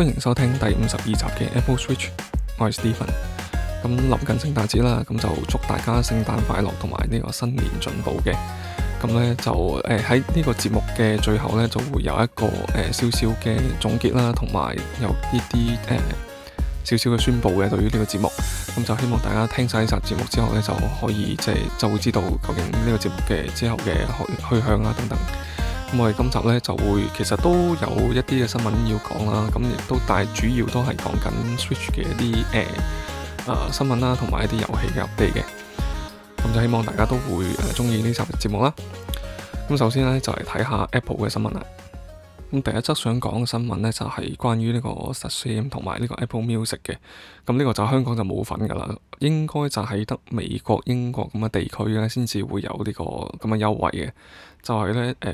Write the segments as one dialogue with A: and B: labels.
A: 歡迎收聽第五十二集嘅 Apple Switch，我係 Steven。咁臨近聖誕節啦，咁就祝大家聖誕快樂同埋呢個新年進步嘅。咁呢就誒喺呢個節目嘅最後呢，就會有一個誒少少嘅總結啦，同埋有呢啲誒少少嘅宣布嘅。對於呢個節目，咁就希望大家聽晒呢集節目之後呢，就可以即係就會知道究竟呢個節目嘅之後嘅去向啊等等。咁我哋今集呢，就會其實都有一啲嘅新聞要講啦，咁亦都，但係主要都係講緊 Switch 嘅一啲誒啊新聞啦，同埋一啲遊戲嘅 update 嘅。咁就希望大家都會誒中意呢集嘅節目啦。咁首先呢，就嚟、是、睇下 Apple 嘅新聞啦。咁第一則想講嘅新聞呢，就係、是、關於呢個 System 同埋呢個 Apple Music 嘅。咁呢個就香港就冇份噶啦，應該就係得美國、英國咁嘅地區呢，先至會有呢個咁嘅優惠嘅。就係、是、呢。誒、呃。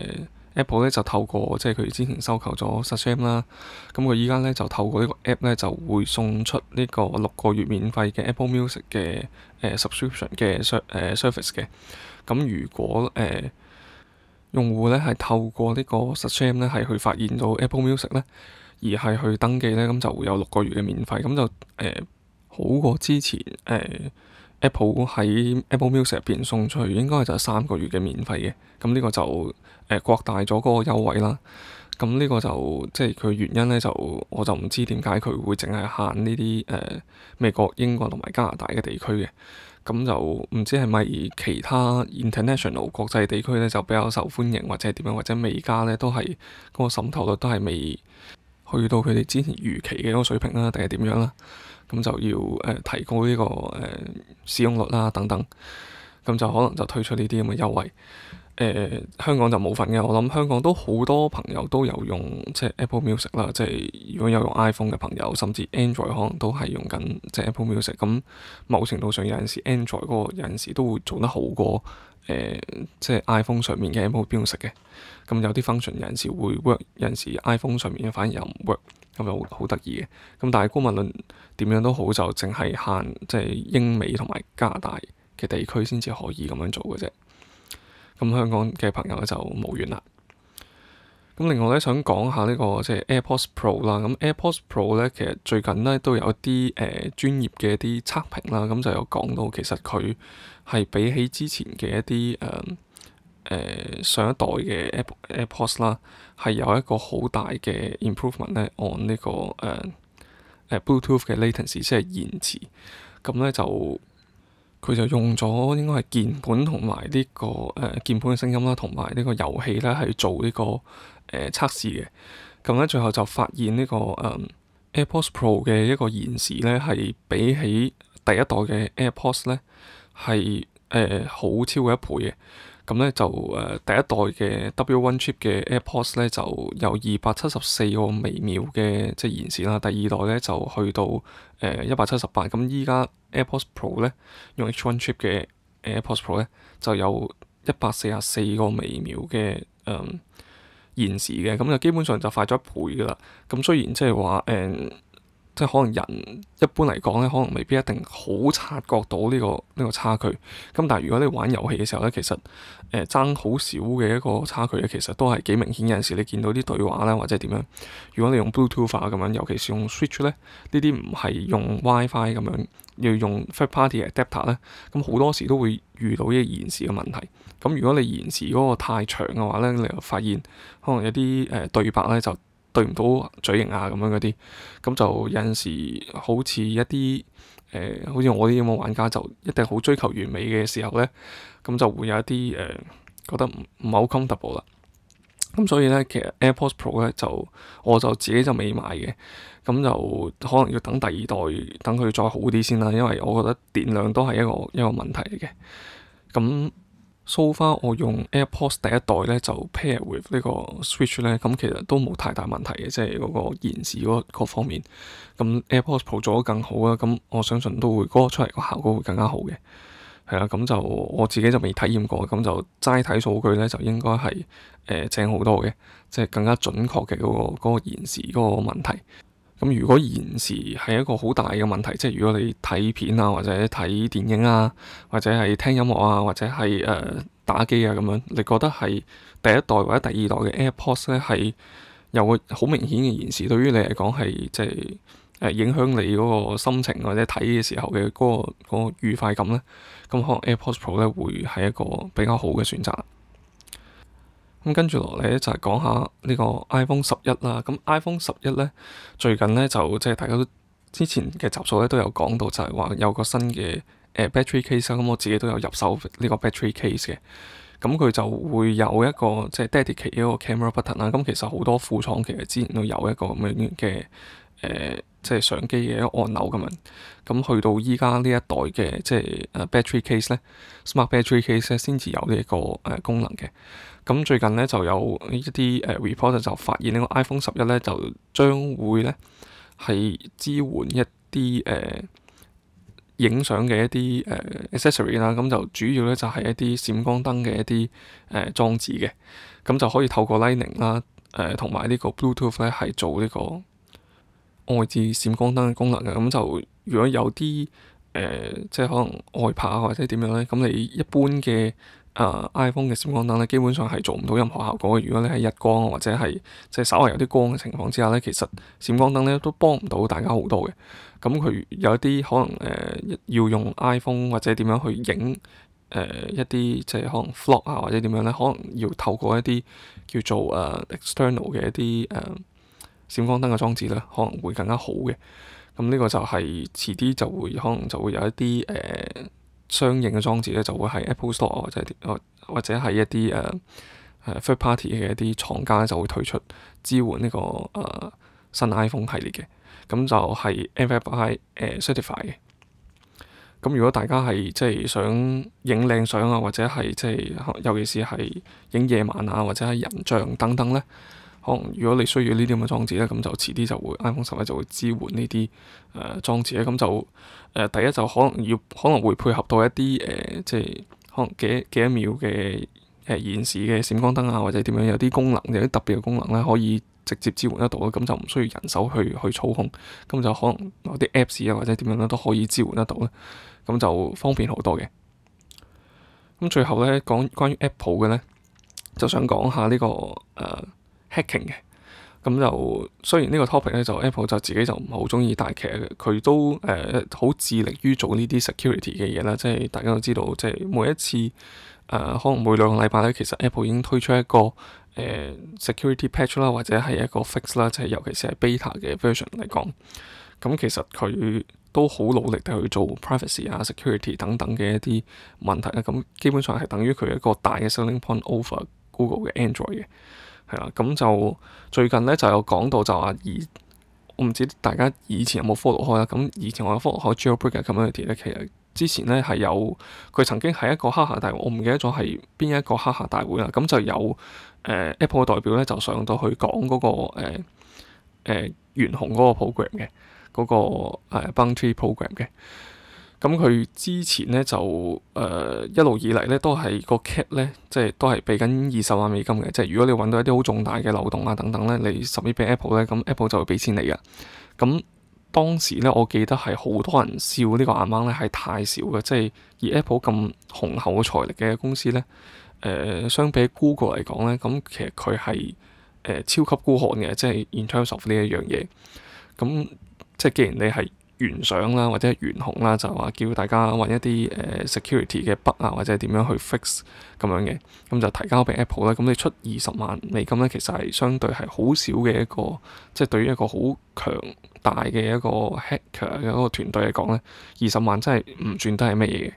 A: Apple 咧就透過即係佢之前收購咗 Shazam 啦、啊，咁佢依家咧就透過呢個 App 咧就會送出呢個六個月免費嘅 Apple Music 嘅誒、呃、subscription 嘅 service 嘅。咁、呃啊、如果誒、呃、用戶咧係透過呢個 Shazam 咧係去發現到 Apple Music 咧，而係去登記咧，咁就會有六個月嘅免費，咁就誒、呃、好過之前誒、呃、Apple 喺 Apple Music 入邊送出去，去應該就係三個月嘅免費嘅。咁呢個就。誒擴、呃、大咗嗰個優惠啦，咁呢個就即係佢原因呢，就我就唔知點解佢會淨係限呢啲誒美國、英國同埋加拿大嘅地區嘅，咁就唔知係咪其他 international 國際地區呢就比較受歡迎或者點樣，或者未加呢都係嗰、嗰個滲透率都係未去到佢哋之前預期嘅嗰個水平啦，定係點樣啦？咁就要誒、呃、提高呢、呢個誒、呃、使用率啦等等，咁就可能就推出呢啲咁嘅優惠。誒、呃、香港就冇份嘅。我諗香港都好多朋友都有用，即係 Apple Music 啦。即係如果有用 iPhone 嘅朋友，甚至 Android 可能都係用緊即係 Apple Music，嗯。咁某程度上有陣時 Android 嗰個有陣時都會做得好過誒、呃，即係 iPhone 上面嘅 Apple Music 嘅。咁、嗯、有啲 function 有陣時會 work，有陣時 iPhone 上面嘅反而又唔 work，咁就好得意嘅。咁、嗯、但係孤問論姑勿論點樣都好，就淨係限即係英美同埋加拿大嘅地區先至可以咁樣做嘅啫。咁香港嘅朋友咧就冇緣啦。咁另外咧想講下呢個即係 AirPods Pro 啦。咁 AirPods Pro 咧其實最近咧都有啲誒、呃、專業嘅一啲測評啦。咁就有講到其實佢係比起之前嘅一啲誒誒上一代嘅 AirPods 啦，係有一個好大嘅 improvement 咧 on 呢個誒誒、呃、Bluetooth 嘅 latency，即係延遲。咁咧就～佢就用咗應該係鍵盤同埋呢個誒、呃、鍵盤嘅聲音啦，同埋呢個遊戲咧係做呢、這個誒、呃、測試嘅。咁咧最後就發現呢、這個誒、嗯、AirPods Pro 嘅一個延時咧係比起第一代嘅 AirPods 咧係誒好、呃、超過一倍嘅。咁咧就誒、呃、第一代嘅 W1 Chip 嘅 AirPods 咧就有二百七十四個微秒嘅即係延時啦，第二代咧就去到誒一百七十八。咁依家 AirPods Pro 咧用 H1 Chip 嘅 AirPods Pro 咧就有一百四十四個微秒嘅嗯延時嘅，咁、嗯、就基本上就快咗一倍噶啦。咁、嗯、雖然即係話誒。嗯即係可能人一般嚟講咧，可能未必一定好察覺到呢個呢個差距。咁但係如果你玩遊戲嘅時候咧，其實誒爭好少嘅一個差距咧，其實都係幾明顯嘅。陣時你見到啲對話咧，或者點樣，如果你用 Bluetooth 咁樣，尤其是用 Switch 咧，呢啲唔係用 WiFi 咁樣，要用 Third Party 嘅 Adapter 咧，咁好多時都會遇到呢個延時嘅問題，咁如果你延時嗰個太長嘅話咧，你又發現可能有啲誒對白咧就～對唔到嘴型啊，咁樣嗰啲，咁就有陣時好似一啲誒、呃，好似我啲咁嘅玩家就一定好追求完美嘅時候咧，咁就會有一啲誒、呃、覺得唔唔係好 comfortable 啦。咁所以咧，其實 AirPods Pro 咧就我就自己就未買嘅，咁就可能要等第二代，等佢再好啲先啦。因為我覺得電量都係一個一個問題嚟嘅，咁。So far，我用 AirPods 第一代咧就 pair with 呢個 Switch 咧，咁其實都冇太大問題嘅，即係嗰個延時嗰個方面。咁 AirPods Pro 做得更好啦，咁我相信都會嗰個出嚟個效果會更加好嘅。係啦，咁就我自己就未體驗過，咁就齋睇數據咧，就應該係誒正好多嘅，即係更加準確嘅嗰個嗰個延時嗰個問題。咁如果延時係一個好大嘅問題，即係如果你睇片啊，或者睇電影啊，或者係聽音樂啊，或者係誒打機啊咁樣，你覺得係第一代或者第二代嘅 AirPods 咧，係有個好明顯嘅延時，對於你嚟講係即係誒影響你嗰個心情或者睇嘅時候嘅嗰個嗰個愉快感咧，咁可能 AirPods Pro 咧會係一個比較好嘅選擇。咁跟住落嚟咧，就係講下呢個 iPhone 十一啦。咁 iPhone 十一咧，最近咧就即係大家都之前嘅集數咧都有講到，就係話有個新嘅誒、呃、battery case。咁我自己都有入手呢個 battery case 嘅。咁佢就會有一個即係、就是、dedicated 嘅一個 camera button 啦。咁其實好多副廠其實之前都有一個咁樣嘅誒，即、呃、係、就是、相機嘅一個按鈕咁樣。咁去到依家呢一代嘅即係誒 battery case 咧，smart battery case 咧先至有呢、這、一個誒、呃、功能嘅。咁最近咧就有一啲誒、呃、reporter 就發現個11呢個 iPhone 十一咧就將會咧係支援一啲誒影相嘅一啲誒、呃、accessory 啦，咁就主要咧就係、是、一啲閃光燈嘅一啲誒裝置嘅，咁就可以透過 Lightning 啦、呃，誒同埋呢個 Bluetooth 咧係做呢個外置閃光燈嘅功能嘅，咁就如果有啲誒、呃、即係可能外拍或者點樣咧，咁你一般嘅。誒、uh, iPhone 嘅閃光燈咧，基本上係做唔到任何效果嘅。如果你係日光或者係即係稍為有啲光嘅情況之下咧，其實閃光燈咧都幫唔到大家好多嘅。咁佢有一啲可能誒、呃、要用 iPhone 或者點樣去影誒、呃、一啲即係可能 vlog 啊或者點樣咧，可能要透過一啲叫做誒、uh, external 嘅一啲誒、uh, 閃光燈嘅裝置咧，可能會更加好嘅。咁呢個就係、是、遲啲就會可能就會有一啲誒。Uh, 相應嘅裝置咧就會喺 Apple Store 或者或者係一啲誒誒 Third Party 嘅一啲廠家就會推出支援呢、這個誒、uh, 新 iPhone 系列嘅，咁就係 Apple e Certify 嘅。咁如果大家係即係想影靚相啊，或者係即係尤其是係影夜晚啊，或者係人像等等咧。可能如果你需要呢啲咁嘅裝置咧，咁就遲啲就會 iPhone 11就會支援呢啲誒裝置咧，咁就誒、呃、第一就可能要可能會配合到一啲誒即係可能幾幾多秒嘅誒延時嘅閃光燈啊，或者點樣有啲功能有啲特別嘅功能咧，可以直接支援得到咯，咁就唔需要人手去去操控，咁就可能有啲 Apps 啊或者點樣咧都可以支援得到咧，咁就方便好多嘅。咁最後咧講關於 Apple 嘅咧，就想講下呢、呢個誒。呃 hacking 嘅，咁就雖然呢個 topic 咧就 Apple 就自己就唔係好中意，但其實佢都誒好、呃、致力於做呢啲 security 嘅嘢啦。即係大家都知道，即係每一次誒、呃、可能每兩個禮拜咧，其實 Apple 已經推出一個誒、呃、security patch 啦，或者係一個 fix 啦，即係尤其是係 beta 嘅 version 嚟講。咁其實佢都好努力地去做 privacy 啊、security 等等嘅一啲問題啦。咁基本上係等於佢一個大嘅 selling point over Google 嘅 Android 嘅。係啦，咁就最近咧就有講到就話以，我唔知大家以前有冇 follow 開啦。咁以前我有 follow 開 Jailbreak community 咧，其實之前咧係有佢曾經係一個黑客大會，我唔記得咗係邊一個黑客大會啦。咁就有誒、呃、Apple 嘅代表咧就上到去講嗰、嗰個誒誒懸紅嗰、嗰個、呃、program 嘅嗰個 bounty program 嘅。咁佢之前咧就誒、呃、一路以嚟咧都係個 cap 咧，即係都係俾緊二十萬美金嘅。即係如果你揾到一啲好重大嘅漏洞啊等等咧，你十億俾 Apple 咧，咁 Apple 就會畀錢你嘅。咁當時咧，我記得係好多人笑個呢個 amount 咧係太少嘅，即係以 Apple 咁雄厚嘅財力嘅公司咧，誒、呃、相比 Google 嚟講咧，咁其實佢係誒超級孤寒嘅，即係 in terms of 呢一樣嘢。咁即係既然你係原相啦，或者原紅啦，就話、是、叫大家揾一啲誒、呃、security 嘅 bug 啊，或者點樣去 fix 咁樣嘅，咁就提交俾 Apple 啦。咁你出二十萬美金呢，其實係相對係好少嘅一個，即、就、係、是、對於一個好強大嘅一個 hacker 嘅一個團隊嚟講呢，二十萬真係唔算得係乜嘢嘅。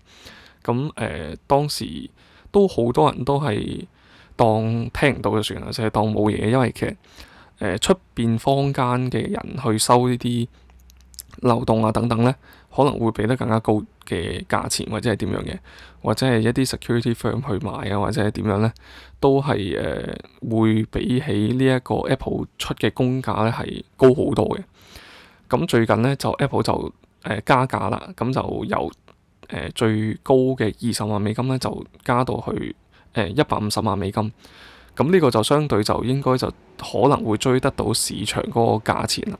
A: 咁、呃、誒當時都好多人都係當聽唔到就算啦，就是、當冇嘢，因為其實出面、呃、坊間嘅人去收呢啲漏洞啊等等咧，可能會俾得更加高嘅價錢，或者係點樣嘅，或者係一啲 security firm 去買啊，或者係點樣咧，都係誒、呃、會比起呢一個 Apple 出嘅公價咧係高好多嘅。咁最近咧就 Apple 就誒、呃、加價啦，咁就由誒、呃、最高嘅二十萬美金咧就加到去誒一百五十萬美金，咁呢個就相對就應該就可能會追得到市場嗰個價錢啦。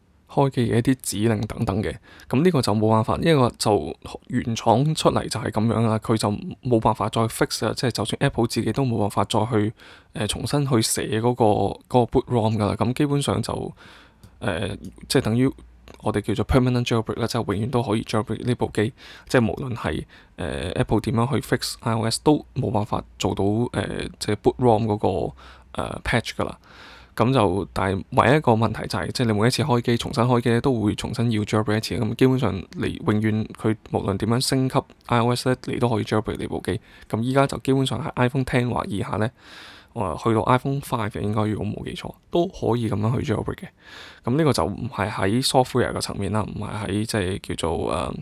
A: 開機嘅一啲指令等等嘅，咁呢個就冇辦法，因為就原廠出嚟就係咁樣啦，佢就冇辦法再 fix 啊，即係就算 Apple 自己都冇辦法再去誒、就是呃、重新去寫嗰個嗰個 boot ROM 噶啦，咁基本上就誒、呃、即係等於我哋叫做 permanent jailbreak 啦，即係永遠都可以 jailbreak 呢部機，即係無論係誒、呃、Apple 點樣去 fix iOS 都冇辦法做到誒、呃、即係 boot ROM 嗰個誒、呃、patch 噶啦。咁就，但係唯一一個問題就係、是，即、就、係、是、你每一次開機重新開機咧，都會重新要 jailbreak 一次。咁基本上你永遠佢無論點樣升級 iOS 咧，你都可以 jailbreak 你部機。咁依家就基本上係 iPhone Ten 或以下咧，啊去到 iPhone Five 應該如果冇記錯都可以咁樣去 jailbreak 嘅。咁呢個就唔係喺 software 嘅層面啦，唔係喺即係叫做誒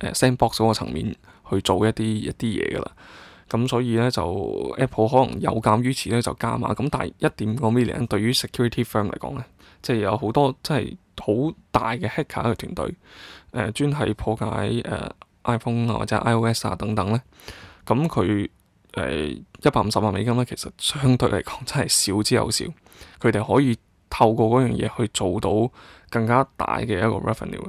A: 誒、uh, uh, sandbox 嗰個層面去做一啲一啲嘢㗎啦。咁所以咧就 Apple 可能有鑑於此咧就加碼，咁但係一點五個 million 對於 security firm 嚟講咧，即、就、係、是、有好多即係好大嘅 hacker 嘅團隊，誒專係破解誒、呃、iPhone 啊或者 iOS 啊等等咧，咁佢誒一百五十萬美金咧，其實相對嚟講真係少之又少，佢哋可以透過嗰樣嘢去做到更加大嘅一個 revenue 嘅、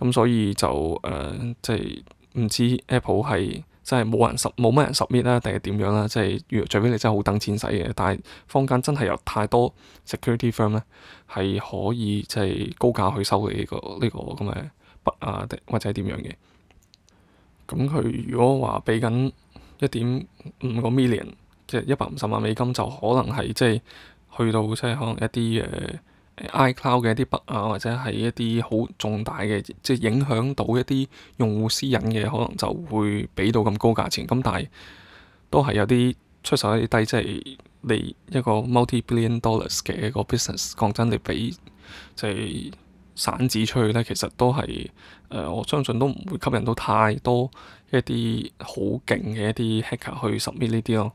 A: 嗯，咁所以就誒、呃、即係唔知 Apple 係。即係冇人十冇乜人十 million 啦，定係點樣啦、啊？即係，除非你真係好等錢使嘅，但係坊間真係有太多 security firm 咧，係可以即係高價去收你、呢個、呢個咁嘅筆啊，或者點樣嘅。咁佢如果話俾緊一點五個 million，即係一百五十萬美金，就可能係即係去到即係可能一啲嘅。呃 iCloud 嘅一啲筆啊，或者係一啲好重大嘅，即係影響到一啲用戶私隱嘅，可能就會畀到咁高價錢。咁、嗯、但係都係有啲出手一啲低，即、就、係、是、你一個 multi-billion dollars 嘅一個 business，講真，你畀，即、就、係、是、散紙出去呢，其實都係誒、呃，我相信都唔會吸引到太多一啲好勁嘅一啲 hacker 去 submit 呢啲咯。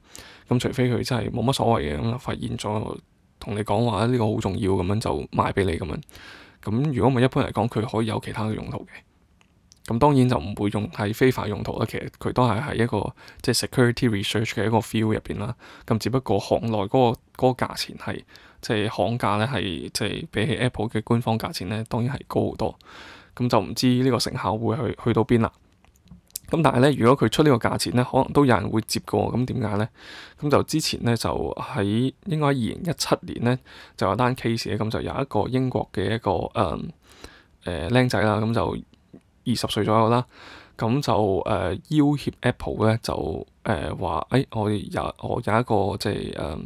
A: 咁、嗯、除非佢真係冇乜所謂嘅咁、嗯，發現咗。同你講話呢、這個好重要，咁樣就賣俾你咁樣，咁如果唔咪一般嚟講，佢可以有其他嘅用途嘅，咁當然就唔會用係非法用途啦。其實佢都係喺一個即係 security research 嘅一個 feel 入邊啦。咁只不過行內嗰、那個嗰、那個價錢係即係行價咧，係即係比起 Apple 嘅官方價錢咧，當然係高好多。咁就唔知呢個成效會去去到邊啦。咁但係咧，如果佢出個價呢個價錢咧，可能都有人會接過。咁點解咧？咁就之前咧就喺應該喺二零一七年咧就有一單 case 咧，咁 就有一個英國嘅一個誒誒僆仔啦，咁就二十歲左右啦，咁就誒要、呃、挾 Apple 咧就誒話誒我有我有一個即係誒。呃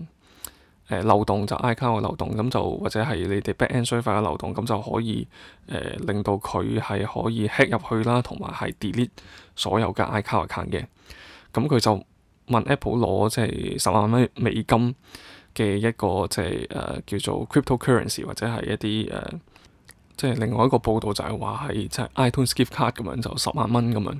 A: 誒漏洞就是、iCloud 嘅漏洞咁就或者係你哋 back end server 嘅漏洞咁就可以誒、呃、令到佢係可以 hack 入去啦，同埋係 delete 所有嘅 iCloud account 嘅。咁佢就問 Apple 攞即係、就、十、是、萬蚊美金嘅一個即係誒叫做 cryptocurrency 或者係一啲誒即係另外一個報道就係話係即係、就是、iTunes gift card 咁樣就十萬蚊咁樣。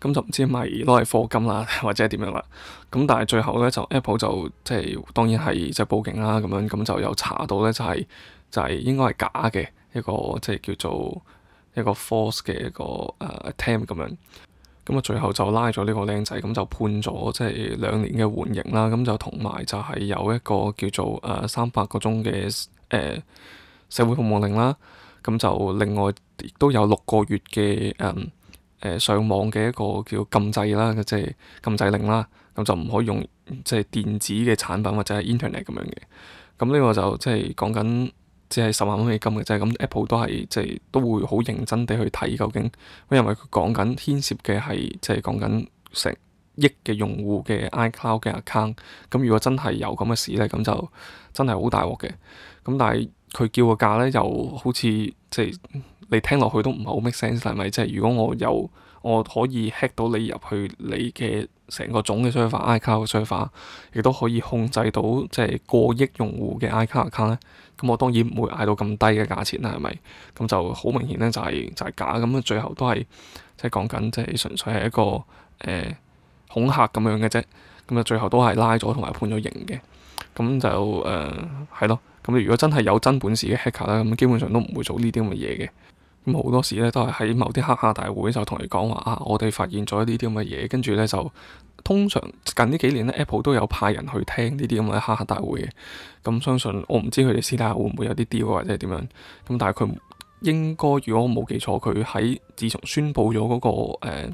A: 咁就唔知咪攞嚟課金啦，或者點樣啦？咁但係最後咧，就 Apple 就即係當然係即係報警啦，咁樣咁就有查到咧，就係、是、就係、是、應該係假嘅一個即係叫做一個 false 嘅一個誒 attempt 咁樣。咁啊，最後就拉咗呢個靚仔，咁就判咗即係兩年嘅緩刑啦。咁就同埋就係有一個叫做誒三百個鐘嘅誒社會服務令啦。咁就另外亦都有六個月嘅誒。Um, 呃、上網嘅一個叫禁制啦，即係禁制令啦，咁就唔可以用即係電子嘅產品或者係 Internet 咁樣嘅。咁呢個就即係講緊即係十萬蚊美金嘅，即係咁 Apple 都係即係都會好認真地去睇究竟，因為佢講緊牽涉嘅係即係講緊成億嘅用戶嘅 iCloud 嘅 account。咁如果真係有咁嘅事咧，咁就真係好大鑊嘅。咁但係佢叫個價咧，又好似即係。你聽落去都唔係好 make sense 係咪？即係如果我有我可以 hack 到你入去你嘅成個總嘅 server iCar 嘅 server，亦都可以控制到即係過億用戶嘅 iCar account 咧。咁我當然唔會嗌到咁低嘅價錢啦，係咪？咁就好明顯咧，就係就係假。咁最後都係即係講緊即係純粹係一個誒、呃、恐嚇咁樣嘅啫。咁啊，最後都係拉咗同埋判咗刑嘅。咁就誒係咯。咁、呃、如果真係有真本事嘅 hacker 咧，咁基本上都唔會做呢啲咁嘅嘢嘅。好多時咧，都係喺某啲黑客大會就同你講話啊，我哋發現咗呢啲咁嘅嘢，跟住咧就通常近呢幾年咧，Apple 都有派人去聽呢啲咁嘅黑客大會嘅。咁、嗯、相信我唔知佢哋私底下會唔會有啲 deal 或者點樣。咁、嗯、但係佢應該如果我冇記錯，佢喺自從宣布咗嗰、嗰個、呃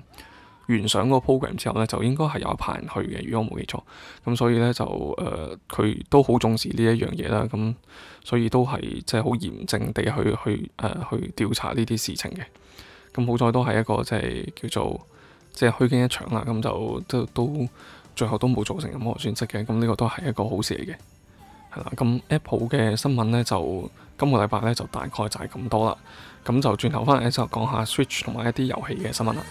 A: 完上個 program 之後咧，就應該係有一排人去嘅。如果我冇記錯咁、呃，所以咧就誒佢都好重視呢一樣嘢啦。咁所以都係即係好嚴正地去去誒、呃、去調查呢啲事情嘅。咁好在都係一個即係叫做即係虛驚一場啦。咁就都都最後都冇造成任何損失嘅。咁呢個都係一個好事嚟嘅，係啦。咁 Apple 嘅新聞咧，就今個禮拜咧就大概就係咁多啦。咁就轉頭翻嚟就講下 Switch 同埋一啲遊戲嘅新聞啦。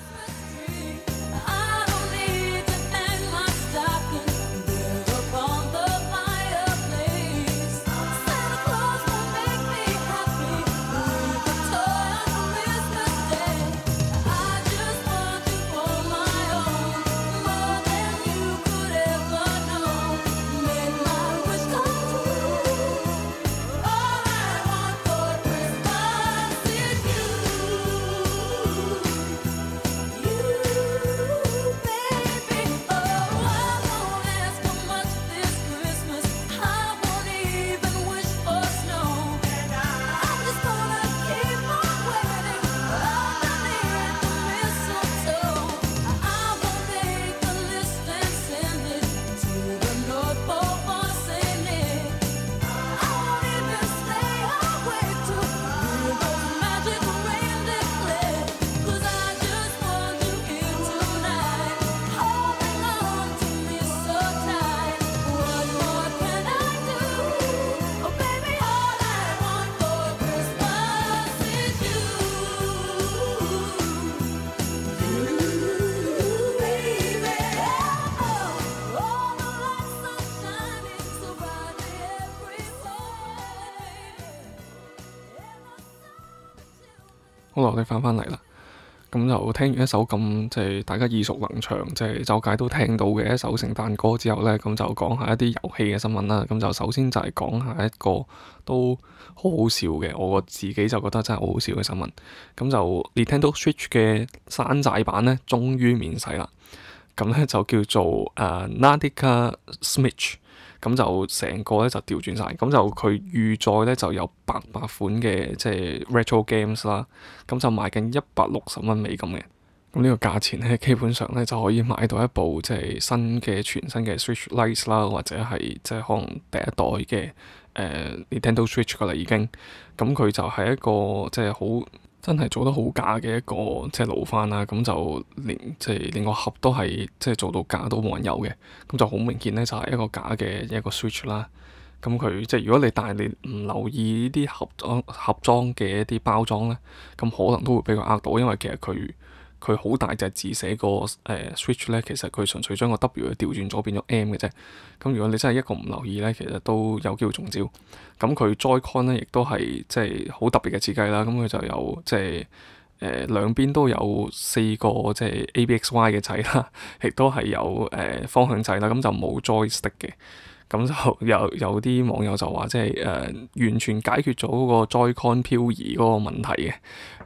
A: 我哋翻返嚟啦，咁就聽完一首咁即係大家耳熟能詳，即係周街都聽到嘅一首聖誕歌之後呢，咁就講下一啲遊戲嘅新聞啦。咁就首先就係講下一個都好好笑嘅，我自己就覺得真係好好笑嘅新聞。咁就你聽到 Switch 嘅山寨版呢，終於面世啦。咁呢就叫做、uh, Nadika Smitch 咁就成個咧就調轉晒。咁就佢預載咧就有八百款嘅即係 retro games 啦，咁就賣緊一百六十蚊美金嘅，咁呢個價錢咧基本上咧就可以買到一部即係新嘅全新嘅 Switch Lite 啦，或者係即係可能第一代嘅、呃、Nintendo Switch 㗎喇已經，咁佢就係一個即係好，真係做得好假嘅一個，即係老翻啦，咁就連即係連個盒都係即係做到假都冇人有嘅，咁就好明顯咧，就係、是、一個假嘅一個 Switch 啦。咁佢即係如果你但係你唔留意呢啲盒，盒裝盒裝嘅一啲包裝咧，咁可能都會俾佢呃到，因為其實佢。佢好大隻字寫個誒、呃、switch 咧，其實佢純粹將個 W 調轉咗變咗 M 嘅啫。咁如果你真係一個唔留意咧，其實都有機會中招。咁佢 Joy-Con 咧亦都係即係好特別嘅設計啦。咁佢就有即係誒、呃、兩邊都有四個即係 ABXY 嘅掣啦，亦都係有誒、呃、方向掣啦。咁就冇 JoyStick 嘅。Stick 咁就有有啲網友就話、就是，即係誒完全解決咗嗰個 Joy-Con 漂移嗰個問題嘅。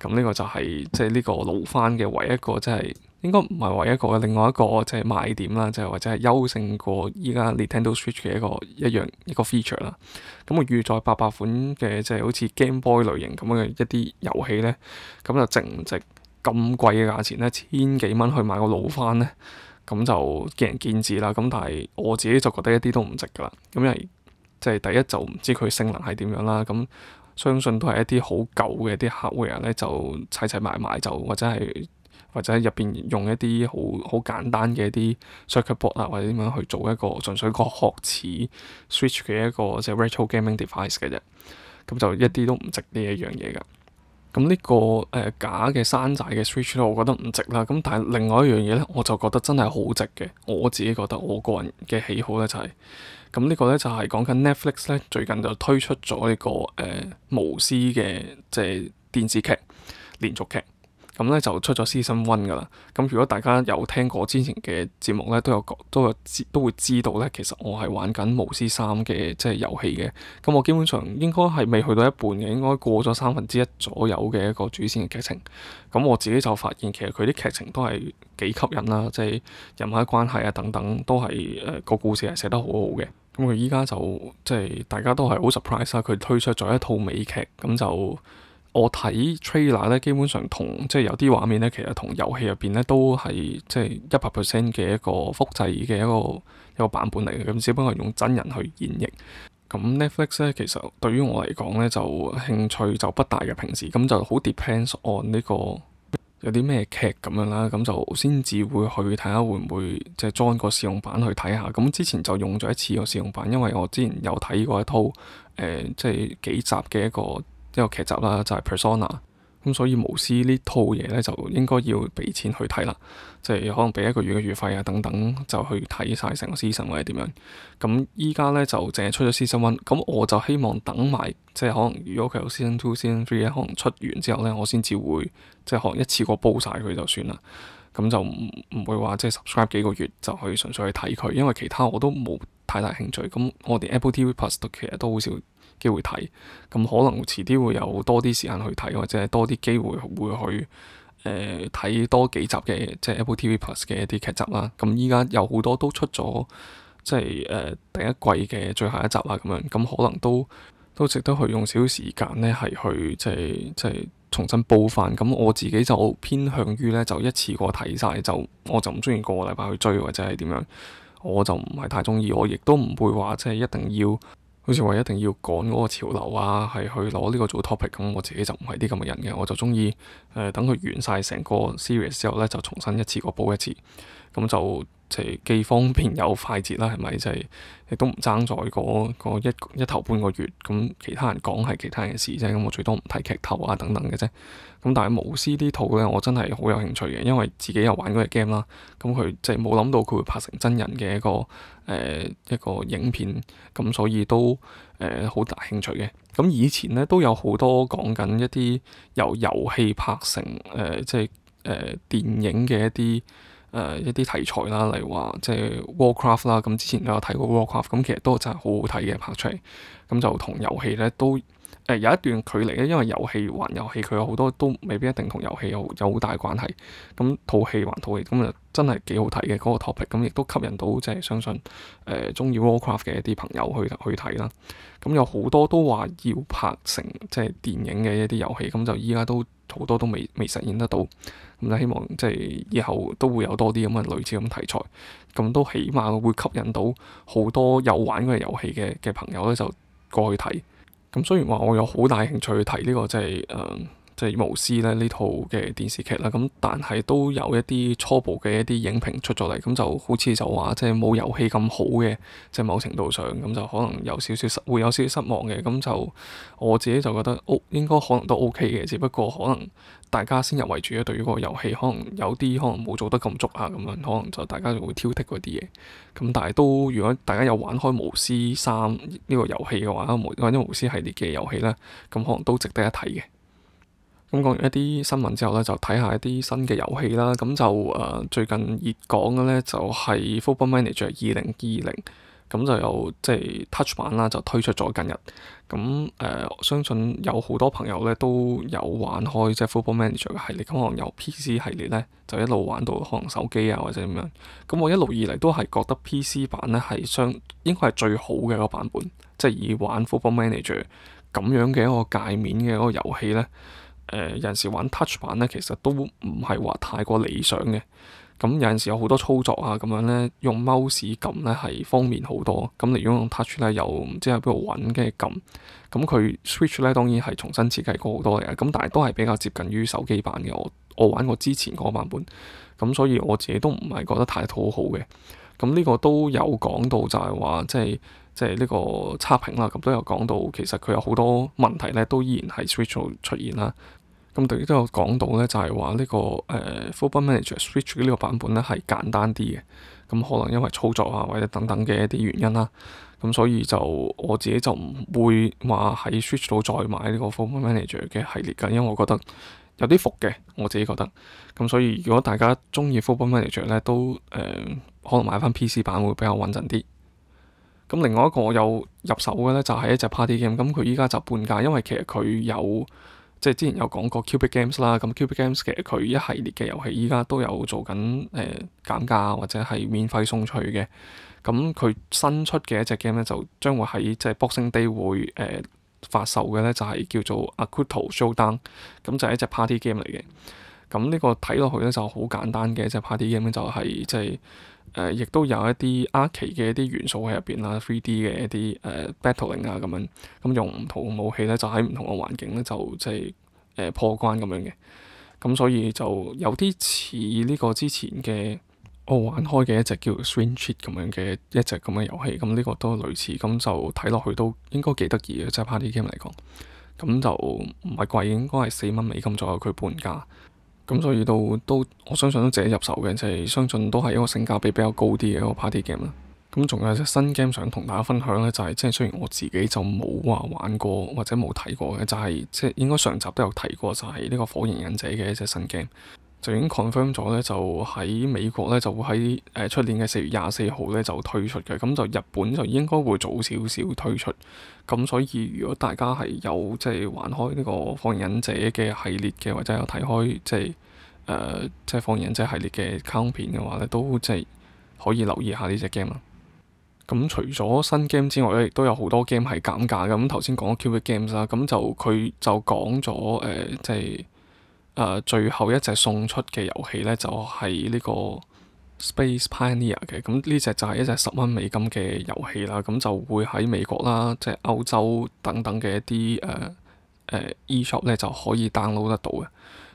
A: 咁呢個就係即係呢個老翻嘅唯一個、就是、唯一個，即係應該唔係唯一一個嘅。另外一個即係賣點啦，就係、是、或者係優勝過依家 Nintendo Switch 嘅一個一樣一個 feature 啦。咁我預載八百款嘅即係好似 Game Boy 類型咁樣嘅一啲遊戲咧，咁就值唔值咁貴嘅價錢咧，千幾蚊去買個老翻咧。咁就見仁見智啦。咁但係我自己就覺得一啲都唔值㗎啦。咁因為即係第一就唔知佢性能係點樣啦。咁相信都係一啲好舊嘅啲客戶人咧就砌砌埋埋就，或者係或者入邊用一啲好好簡單嘅啲 circuit board 啊或者點樣去做一個純粹個殼似 switch 嘅一個即係、就是、retro gaming device 嘅啫。咁就一啲都唔值呢一樣嘢㗎。咁呢、這個誒、呃、假嘅山寨嘅 Switch 咧，我覺得唔值啦。咁但係另外一樣嘢咧，我就覺得真係好值嘅。我自己覺得我個人嘅喜好咧就係、是，咁呢個咧就係、是、講緊 Netflix 咧最近就推出咗呢、這個誒無私嘅即係電視劇連續劇。咁咧就出咗 season one 噶啦。咁如果大家有聽過之前嘅節目咧，都有講，都有知，都會知道咧，其實我係玩緊《巫師三》嘅即係遊戲嘅。咁我基本上應該係未去到一半嘅，應該過咗三分之一左右嘅一個主線嘅劇情。咁我自己就發現，其實佢啲劇情都係幾吸引啦、啊，即係人物嘅關係啊等等都係誒個故事係寫得好好嘅。咁佢依家就即係大家都係好 surprise 啦、啊，佢推出咗一套美劇，咁就。我睇 trailer 咧，基本上同即係有啲畫面咧，其實同遊戲入邊咧都係即係一百 percent 嘅一個複製嘅一個一個版本嚟嘅，咁只不過係用真人去演繹，咁 Netflix 咧，其實對於我嚟講咧就興趣就不大嘅，平時咁就好 depends on 呢個有啲咩劇咁樣啦，咁就先至會去睇下會唔會即係裝個試用版去睇下。咁之前就用咗一次個試用版，因為我之前有睇過一套誒、呃，即係幾集嘅一個。一個劇集啦，就係、是、Persona，咁、嗯、所以巫師呢套嘢咧就應該要俾錢去睇啦，即係可能俾一個月嘅月費啊等等，就去睇晒成個 season 或者點樣。咁依家咧就淨係出咗 season one，咁、嗯、我就希望等埋，即係可能如果佢有 season two、season three 咧、啊，可能出完之後咧，我先至會即係可能一次過煲晒佢就算啦。咁、嗯、就唔唔會話即係 subscribe 幾個月就去純粹去睇佢，因為其他我都冇太大興趣。咁、嗯、我哋 Apple TV Plus 都其實都好少機會睇，咁可能遲啲會有多啲時間去睇，或者係多啲機會會去誒睇、呃、多幾集嘅，即係 Apple TV Plus 嘅一啲劇集啦。咁依家有好多都出咗，即係誒、呃、第一季嘅最後一集啦咁樣。咁可能都都值得去用少少時間呢，係去即係即係重新煲翻。咁我自己就偏向於呢，就一次過睇晒，就我就唔中意個個禮拜去追或者係點樣，我就唔係太中意。我亦都唔會話即係一定要。好似話一定要趕嗰個潮流啊，係去攞呢個做 topic 咁，我自己就唔係啲咁嘅人嘅，我就中意誒等佢完晒成個 series 之後咧，就重新一次過煲一次。咁就即係既方便又快捷啦，係咪？即、就、係、是、亦都唔爭在嗰、那個、一一頭半個月。咁其他人講係其他人嘅事啫。咁我最多唔睇劇透啊，等等嘅啫。咁但係《巫師》套呢套咧，我真係好有興趣嘅，因為自己又玩過隻 game 啦。咁佢即係冇諗到佢會拍成真人嘅一個誒、呃、一個影片，咁所以都誒好、呃、大興趣嘅。咁以前咧都有好多講緊一啲由遊戲拍成誒、呃、即係誒、呃、電影嘅一啲。誒、呃、一啲題材啦，例如話即係《Warcraft》啦，咁之前都有睇過《Warcraft》，咁其實都真係好好睇嘅拍出嚟，咁就同遊戲咧都誒、呃、有一段距離咧，因為遊戲還遊戲，佢有好多都未必一定同遊戲有有好大關係。咁套戲還套戲，咁就真係幾好睇嘅嗰個 topic，咁亦都吸引到即係相信誒中意《Warcraft》嘅一啲朋友去去睇啦。咁有好多都話要拍成即係電影嘅一啲遊戲，咁就依家都好多都未未實現得到。咁就希望即係以後都會有多啲咁嘅類似咁嘅題材，咁都起碼會吸引到好多有玩過遊戲嘅嘅朋友咧，就過去睇。咁雖然話我有好大興趣去睇呢、這個即係誒。就是 um 即係巫師咧呢套嘅電視劇啦，咁但係都有一啲初步嘅一啲影評出咗嚟，咁就好似就話即係冇遊戲咁好嘅，即係某程度上咁就可能有少少失會有少少失望嘅。咁就我自己就覺得 O、哦、應該可能都 OK 嘅，只不過可能大家先入為主咧。對於個遊戲可能有啲可能冇做得咁足啊，咁樣可能就大家就會挑剔嗰啲嘢。咁但係都如果大家有玩開巫師三呢個遊戲嘅話，或者巫師系列嘅遊戲咧，咁可能都值得一睇嘅。咁講完一啲新聞之後咧，就睇下一啲新嘅遊戲啦。咁就誒、呃、最近熱講嘅咧，就係、是、Football Manager 二零二零。咁就有即係、就是、Touch 版啦，就推出咗近日。咁誒、呃，相信有好多朋友咧都有玩開即係 Football Manager 嘅系列。咁可能由 PC 系列咧就一路玩到可能手機啊或者咁樣。咁我一路以嚟都係覺得 PC 版咧係相應該係最好嘅一個版本，即、就、係、是、以玩 Football Manager 咁樣嘅一個界面嘅一個遊戲咧。誒、呃、有陣時玩 touch 版咧，其實都唔係話太過理想嘅。咁有陣時有好多操作啊，咁樣咧用 mouse 撳咧係方便好多。咁你如果用 touch 咧，又唔知喺邊度搵嘅撳。咁佢 switch 咧當然係重新設計過好多嘅。咁但係都係比較接近於手機版嘅。我我玩過之前個版本。咁所以我自己都唔係覺得太討好嘅。咁呢個都有講到就係話，即係即係呢個差評啦。咁都有講到其實佢有好多問題咧，都依然喺 switch 出現啦。咁對於都有講到咧，就係話呢個誒《uh, Football Manager Switch》呢個版本咧係簡單啲嘅，咁可能因為操作啊或者等等嘅一啲原因啦，咁所以就我自己就唔會話喺 Switch 度再買呢個《Football Manager》嘅系列嘅，因為我覺得有啲複嘅，我自己覺得。咁所以如果大家中意《Football Manager》咧，都誒、uh, 可能買翻 PC 版會比較穩陣啲。咁另外一個我有入手嘅咧，就係、是、一隻 Party Game，咁佢依家就半價，因為其實佢有。即係之前有講過 Qubic Games 啦，咁 Qubic Games 其實佢一系列嘅遊戲依家都有做緊誒減價或者係免費送取嘅。咁佢新出嘅一隻 game 咧就將會喺即係 Boxing Day 會誒、呃、發售嘅咧，就係、是、叫做 Akuto Showdown 咁就一隻 party game 嚟嘅。咁呢個睇落去咧就好簡單嘅一隻 party game 咧、就係，就係即係。就係亦、呃、都有一啲 RPG 嘅一啲元素喺入邊啦，3D 嘅一啲誒 battling 啊，咁、呃、樣。咁、 呃、用唔同武器咧，就喺唔同嘅環境咧，就即係誒破關咁樣嘅。咁、嗯、所以就有啲似呢個之前嘅我、哦、玩開嘅一隻叫 Swing Chit 咁樣嘅一隻咁嘅遊戲，咁、嗯、呢、呢個都類似，咁、嗯、就睇落去都應該幾得意嘅，即係 Party Game 嚟講。咁、嗯、就唔係貴，應該係四蚊美金左右佢半價。咁所以都都我相信都自己入手嘅，就係、是、相信都係一個性價比比較高啲嘅一個 party game 啦。咁仲有隻新 game 想同大家分享咧，就係即係雖然我自己就冇話玩過或者冇睇過嘅，就係即係應該上集都有提過，就係呢個火影忍者嘅一隻新 game。就已經 confirm 咗咧，就喺美國咧就會喺誒出年嘅四月廿四號咧就推出嘅，咁就日本就應該會早少少推出。咁所以如果大家係有即係、就是、玩開呢個《火影忍者》嘅系列嘅，或者有睇開即係誒即係《就是呃就是、火影忍者》系列嘅卡通片嘅話咧，都即係、就是、可以留意下呢隻 game 啦。咁除咗新 game 之外咧，亦都有好多 game 係減價嘅。咁頭先講咗 Q 嘅 Games 啦，咁就佢、呃、就講咗誒即係。呃、最後一隻送出嘅遊戲呢，就係、是、呢個 Space Pioneer 嘅，咁呢、嗯、隻就係一隻十蚊美金嘅遊戲啦。咁、嗯、就會喺美國啦，即、就、係、是、歐洲等等嘅一啲誒誒、呃呃、eShop 咧就可以 download 得到嘅。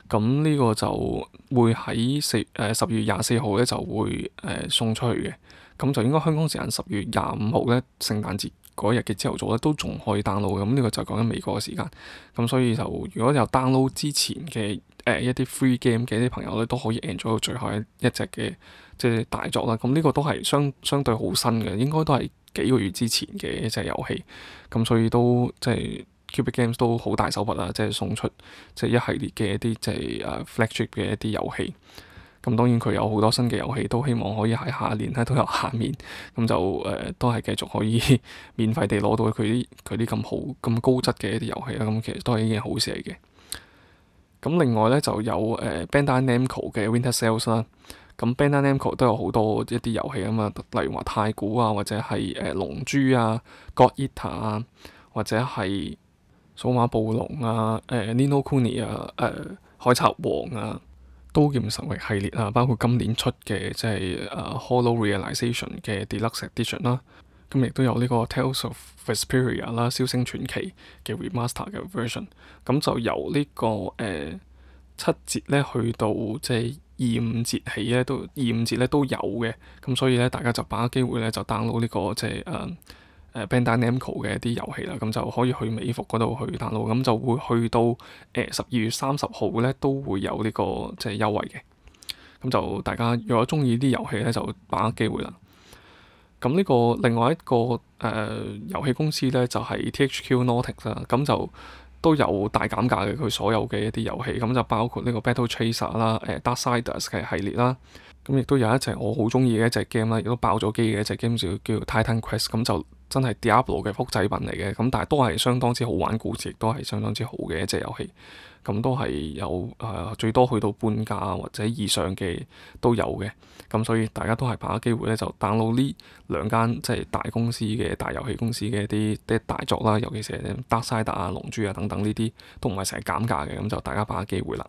A: 咁、嗯、呢、這個就會喺四誒十月廿四號咧就會誒、呃、送出去嘅。咁、嗯、就應該香港時間十月廿五號咧，聖誕節。.嗰日嘅朝頭早咧都仲可以 download 嘅，咁、這、呢個就講緊美國嘅時間。咁所以就如果有 download 之前嘅誒、呃、一啲 free game 嘅啲朋友咧，都可以 enjoy 到最後一一隻嘅即係大作啦。咁呢個都係相相對好新嘅，應該都係幾個月之前嘅一隻遊戲。咁所以都即係 Epic Games 都好大手筆啦，即係送出即係一系列嘅一啲即係誒、uh, flagship 嘅一啲遊戲。咁當然佢有好多新嘅遊戲，都希望可以喺下一年咧都有下面，咁就誒、呃、都係繼續可以 免費地攞到佢啲佢啲咁好咁高質嘅一啲遊戲啦。咁其實都係一件好事嚟嘅。咁另外咧就有誒、呃、Bandai Namco 嘅 Winter Sales 啦。咁 Bandai Namco 都有好多一啲遊戲啊嘛，例如話太古啊，或者係誒、呃、龍珠啊、God Eater 啊，或者係數碼暴龍啊、誒、呃、Ninokuni 啊、誒、呃、海賊王啊。刀劍神域系列啊，包括今年出嘅即係誒《uh, Hollow Realization》嘅 Deluxe Edition 啦，咁亦都有呢個《Tales of Vesperia》啦，《蕭星傳奇》嘅 Remaster 嘅 version，咁就由、這個 uh, 呢個誒七折咧去到即係二五折起咧都二五折咧都有嘅，咁所以咧大家就把握機會咧就 download 呢、這個即係誒。Uh, 誒《Bandai Namco 嘅一啲遊戲啦，咁就可以去美服嗰度去 download，咁就會去到誒十二月三十號咧，都會有呢、這個即係、就是、優惠嘅。咁就大家如果中意啲遊戲咧，就把握機會啦。咁呢、這個另外一個誒、呃、遊戲公司咧，就係、是、T H Q Nordic 啦。咁就都有大減價嘅佢所有嘅一啲遊戲，咁就包括呢個《Battle Chaser》啦、誒、呃《Darksiders》嘅系列啦。咁亦都有一隻我好中意嘅一隻 game 啦，亦都爆咗機嘅一隻 game 叫叫《Titan Quest》咁就。真係 Diablo 嘅複製品嚟嘅，咁但係都係相當之好玩，故事都係相當之好嘅一隻遊戲，咁都係有誒、呃、最多去到半價啊或者以上嘅都有嘅，咁所以大家都係把握機會咧，就 download 呢兩間即係大公司嘅大遊戲公司嘅啲啲大作啦，尤其是德西達啊、龍珠啊等等呢啲，都唔係成日減價嘅，咁就大家把握機會啦。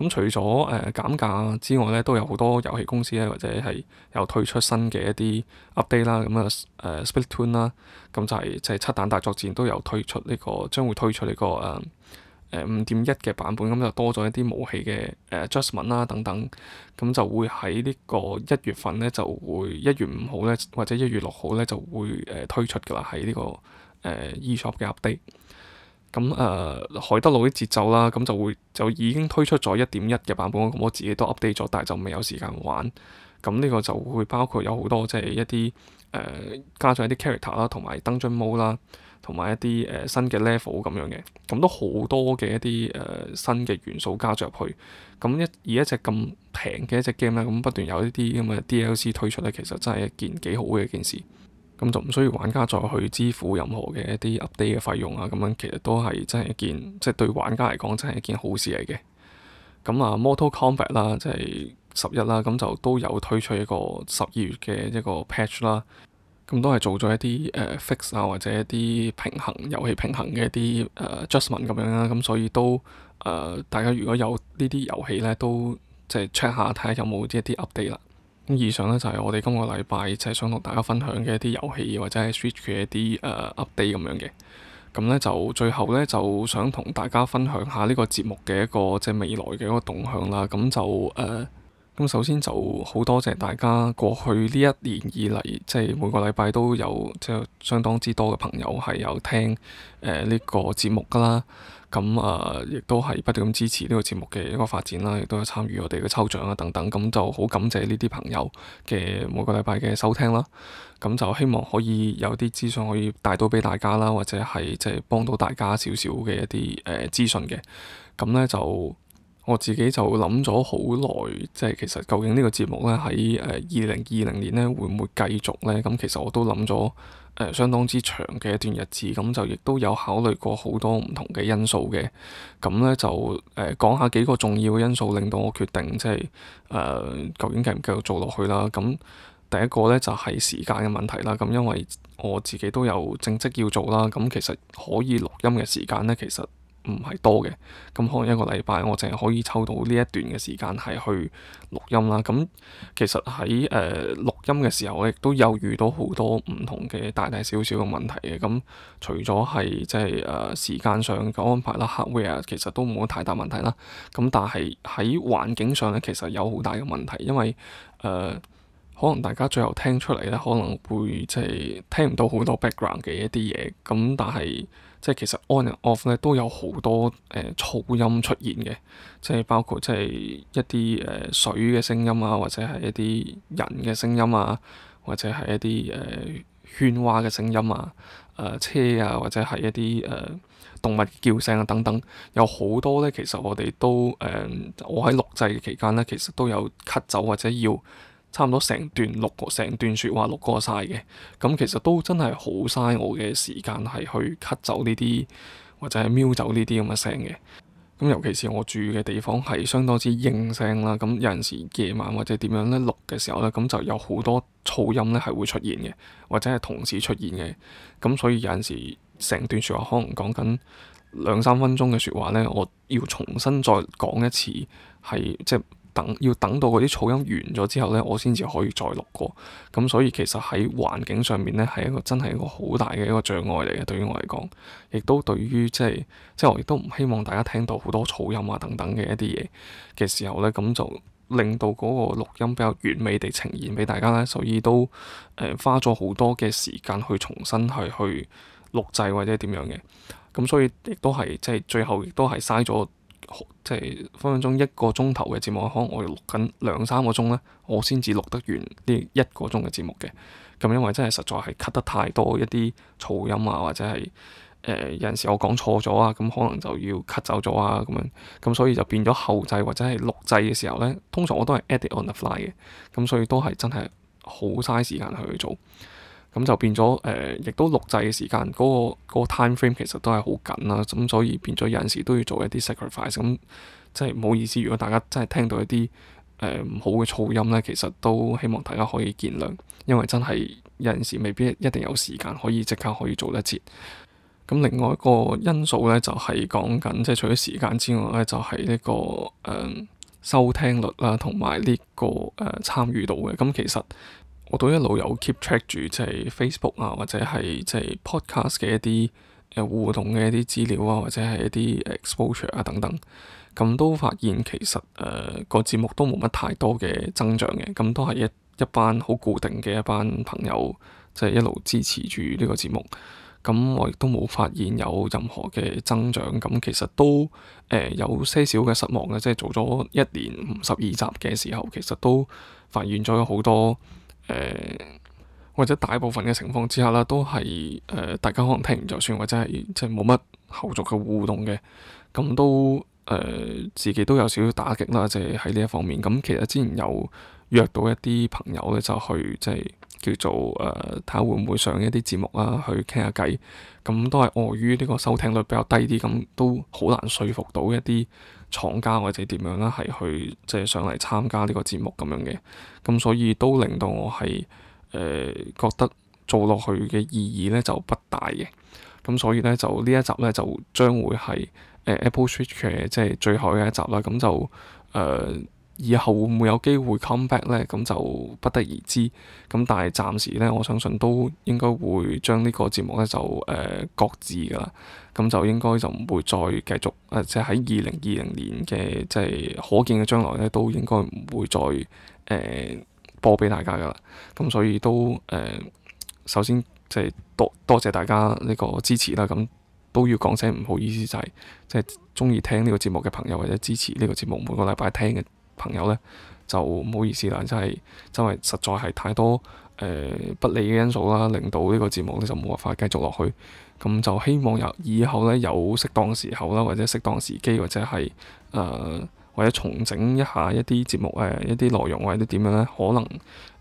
A: 咁、嗯、除咗誒、呃、減價之外咧，都有好多遊戲公司咧，或者係有推出新嘅一啲 update 啦，咁啊誒 Splatoon 啦，咁、嗯、就係就係《漆彈大作戰》都有推出呢、這個將會推出呢、這個誒誒五點一嘅版本，咁、嗯、就多咗一啲武器嘅誒 adjustment 啦等等，咁、嗯、就會喺呢個一月份咧就會一月五號咧或者一月六號咧就會誒推出㗎啦，喺呢、這個、呃 eShop 嘅 update。咁誒、呃、海德路啲節奏啦，咁就會就已經推出咗一點一嘅版本，我自己都 update 咗，但係就未有時間玩。咁呢個就會包括有好多即係一啲誒、呃、加上一啲 character 啦，同埋 dungeon mode 啦，同埋一啲誒、呃、新嘅 level 咁樣嘅，咁都好多嘅一啲誒新嘅元素加咗入去。咁一而一隻咁平嘅一隻 game 咧，咁不斷有呢啲咁嘅 DLC 推出咧，其實真係一件幾好嘅一件事。咁就唔需要玩家再去支付任何嘅一啲 update 嘅費用啊！咁樣其實都係真係一件，即、就、係、是、對玩家嚟講真係一件好事嚟嘅。咁啊，Mortal Kombat 啦，即係十一啦，咁就都有推出一個十二月嘅一個 patch 啦。咁都係做咗一啲誒、uh, fix 啊，或者一啲平衡遊戲平衡嘅一啲誒、uh, adjustment 咁樣啦、啊。咁所以都誒、uh, 大家如果有呢啲遊戲咧，都即係 check 下睇下有冇一啲 update 啦。咁以上咧就係我哋今個禮拜即係想同大家分享嘅一啲遊戲或者係 Switch 嘅一啲誒 update，咁樣嘅，咁咧就最後咧就想同大家分享下呢個節目嘅一個即係、就是、未來嘅一個動向啦，咁就誒。呃咁首先就好多謝大家過去呢一年以嚟，即係每個禮拜都有即係相當之多嘅朋友係有聽誒呢個節目噶啦。咁啊，亦都係不斷咁支持呢個節目嘅一個發展啦，亦都有參與我哋嘅抽獎啊等等。咁就好感謝呢啲朋友嘅每個禮拜嘅收聽啦。咁就希望可以有啲資訊可以帶到俾大家啦，或者係即係幫到大家少少嘅一啲誒資訊嘅。咁咧就～我自己就諗咗好耐，即係其實究竟呢個節目咧喺誒二零二零年咧會唔會繼續咧？咁其實我都諗咗誒相當之長嘅一段日子，咁就亦都有考慮過好多唔同嘅因素嘅。咁咧就誒講下幾個重要嘅因素，令到我決定即係誒究竟繼唔繼續做落去啦。咁第一個咧就係時間嘅問題啦。咁因為我自己都有正職要做啦，咁其實可以錄音嘅時間咧，其實...唔係多嘅，咁可能一個禮拜我淨係可以抽到呢一段嘅時間係去錄音啦。咁其實喺誒、呃、錄音嘅時候咧，都有遇到好多唔同嘅大大小小嘅問題嘅。咁除咗係即係誒時間上嘅安排啦、hardware 其實都冇乜太大問題啦。咁但係喺環境上咧，其實有好大嘅問題，因為誒、呃可能大家最後聽出嚟咧，可能會即係聽唔到好多 background 嘅一啲嘢。咁但係即係其實 on and off 咧都有好多誒噪、呃、音出現嘅，即係包括即係一啲誒、呃、水嘅聲音啊，或者係一啲人嘅聲音啊，或者係一啲誒喧話嘅聲音啊，誒、呃、車啊，或者係一啲誒、呃、動物嘅叫聲啊等等。有好多咧，其實我哋都誒、呃，我喺錄製期間咧，其實都有 cut 走或者要。差唔多成段錄過，成段説話，錄過晒嘅。咁其實都真係好嘥我嘅時間係去 cut 走呢啲，或者係秒走呢啲咁嘅聲嘅。咁尤其是我住嘅地方係相當之應聲啦，咁有陣時夜晚或者點樣咧錄嘅時候咧，咁就有好多噪音咧係會出現嘅，或者係同時出現嘅。咁所以有陣時成段説話，可能講緊兩三分鐘嘅説話咧，我要重新再講一次係即係。等要等到嗰啲噪音完咗之後咧，我先至可以再錄過。咁所以其實喺環境上面咧，係一個真係一個好大嘅一個障礙嚟嘅。對於我嚟講，亦都對於即係即係我亦都唔希望大家聽到好多噪音啊等等嘅一啲嘢嘅時候咧，咁就令到嗰個錄音比較完美地呈現俾大家啦。所以都誒、呃、花咗好多嘅時間去重新去去錄製或者點樣嘅。咁所以亦都係即係最後亦都係嘥咗。即係分分鐘一個鐘頭嘅節目，可能我錄緊兩三個鐘咧，我先至錄得完呢一個鐘嘅節目嘅。咁因為真係實在係 cut 得太多一啲噪音啊，或者係誒、呃、有陣時我講錯咗啊，咁可能就要 cut 走咗啊咁樣。咁所以就變咗後製或者係錄製嘅時候咧，通常我都係 edit on the fly 嘅，咁所以都係真係好嘥時間去做。咁就變咗誒，亦、呃、都錄製嘅時間嗰、那個嗰、那個 time frame 其實都係好緊啦，咁所以變咗有陣時都要做一啲 sacrifice，咁即係唔好意思，如果大家真係聽到一啲誒唔好嘅噪音咧，其實都希望大家可以見諒，因為真係有陣時未必一定有時間可以即刻可以做得切。咁另外一個因素咧，就係、是、講緊即係除咗時間之外咧，就係、是、呢、這個誒、呃、收聽率啦，同埋呢個誒、呃、參與度嘅。咁其實，我都一路有 keep track 住，即係 Facebook 啊，或者係即係 podcast 嘅一啲誒互動嘅一啲資料啊，或者係一啲 exposure 啊等等。咁都發現其實誒、呃這個節目都冇乜太多嘅增長嘅。咁都係一一班好固定嘅一班朋友，即、就、係、是、一路支持住呢個節目。咁我亦都冇發現有任何嘅增長。咁其實都誒、呃、有些少嘅失望嘅，即係做咗一年五十二集嘅時候，其實都發現咗好多。誒、呃，或者大部分嘅情況之下啦，都係誒、呃，大家可能聽完就算，或者係即係冇乜後續嘅互動嘅，咁都誒、呃，自己都有少少打擊啦，即係喺呢一方面。咁其實之前有約到一啲朋友咧，就去即係叫做誒，睇、呃、下會唔會上一啲節目啊，去傾下偈。咁都係礙於呢個收聽率比較低啲，咁都好難說服到一啲，廠家或者點樣啦，係去即係上嚟參加呢個節目咁樣嘅。咁所以都令到我係誒、呃、覺得做落去嘅意義咧就不大嘅，咁所以咧就呢一集咧就將會係誒、呃、Apple Switch 嘅即係最後嘅一集啦，咁就誒。呃以後會唔會有機會 come back 咧？咁就不得而知。咁但係暫時咧，我相信都應該會將呢個節目咧就誒擱置㗎啦。咁、呃、就應該就唔會再繼續誒、呃，即係喺二零二零年嘅即係可見嘅將來咧，都應該唔會再誒、呃、播俾大家㗎啦。咁所以都誒、呃，首先即係多多謝大家呢個支持啦。咁都要講聲唔好意思，就係即係中意聽呢個節目嘅朋友或者支持呢個節目每個禮拜聽嘅。朋友咧就唔好意思啦，真係真係實在係太多誒、呃、不利嘅因素啦，令到呢個節目咧就冇辦法繼續落去。咁就希望有以後咧有適當時候啦，或者適當時機，或者係誒、呃、或者重整一下一啲節目誒、呃、一啲內容或者點樣咧，可能誒、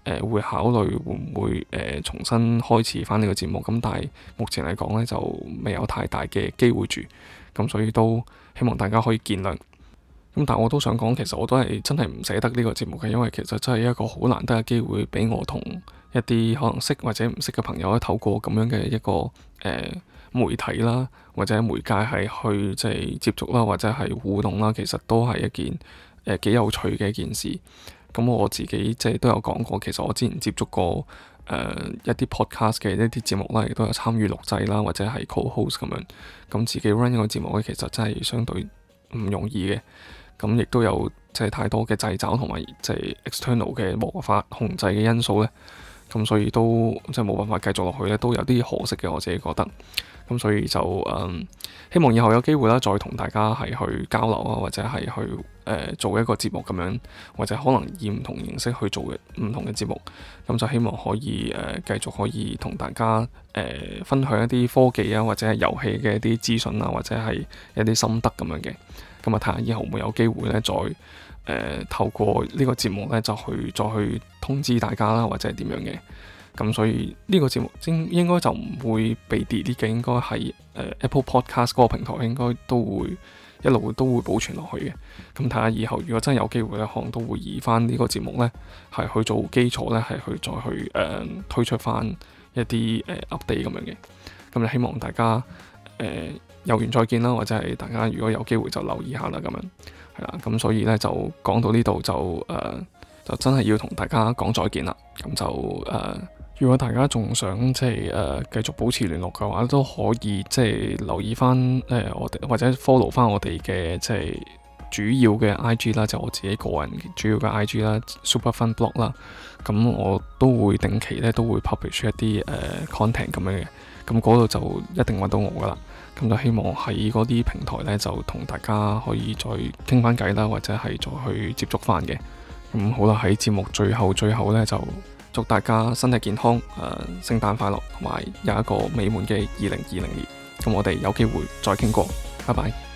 A: 呃、會考慮會唔會誒、呃、重新開始翻呢個節目。咁但係目前嚟講咧就未有太大嘅機會住，咁所以都希望大家可以見諒。咁，但我都想講，其實我都係真係唔捨得呢個節目嘅，因為其實真係一個好難得嘅機會，俾我同一啲可能識或者唔識嘅朋友咧，透過咁樣嘅一個誒、呃、媒體啦，或者媒介係去即係接觸啦，或者係互動啦，其實都係一件誒、呃、幾有趣嘅一件事。咁我自己即係都有講過，其實我之前接觸過誒、呃、一啲 podcast 嘅一啲節目啦，亦都有參與錄製啦，或者係 co-host 咁樣。咁、嗯、自己 run 呢個節目咧，其實真係相對唔容易嘅。咁亦都有即係太多嘅掣肘同埋即係 external 嘅無法控制嘅因素咧，咁所以都即係冇辦法繼續落去咧，都有啲可惜嘅，我自己覺得。咁所以就嗯希望以後有機會啦，再同大家係去交流啊，或者係去誒、呃、做一個節目咁樣，或者可能以唔同形式去做嘅唔同嘅節目。咁就希望可以誒繼、呃、續可以同大家誒、呃、分享一啲科技啊，或者係遊戲嘅一啲資訊啊，或者係一啲心得咁樣嘅。咁啊，睇下以後會唔會有機會咧，再、呃、誒透過呢個節目咧，就去再去通知大家啦，或者係點樣嘅。咁所以呢個節目應應該就唔會被 delete 嘅，應該喺誒、呃、Apple Podcast 個平台應該都會一路都會保存落去嘅。咁睇下以後如果真係有機會咧，可能都會以翻呢個節目咧，係去做基礎咧，係去再去誒推出翻一啲誒 update 咁樣嘅。咁就希望大家誒、呃有緣再見啦，或者係大家如果有機會就留意下啦，咁樣係啦。咁所以呢，就講到呢度就誒、呃、就真係要同大家講再見啦。咁就誒、呃，如果大家仲想即係誒、呃、繼續保持聯絡嘅話，都可以即係留意翻誒、呃、我哋或者 follow 翻我哋嘅即係主要嘅 IG 啦，就是、我自己個人主要嘅 IG 啦，Superphen Blog 啦。咁我都會定期呢，都會 publish 一啲誒、呃、content 咁樣嘅。咁嗰度就一定揾到我噶啦，咁就希望喺嗰啲平台呢，就同大家可以再傾翻偈啦，或者係再去接觸翻嘅。咁好啦，喺節目最後最後呢，就祝大家身體健康，誒、呃，聖誕快樂，同埋有一個美滿嘅二零二零年。咁我哋有機會再傾過，拜拜。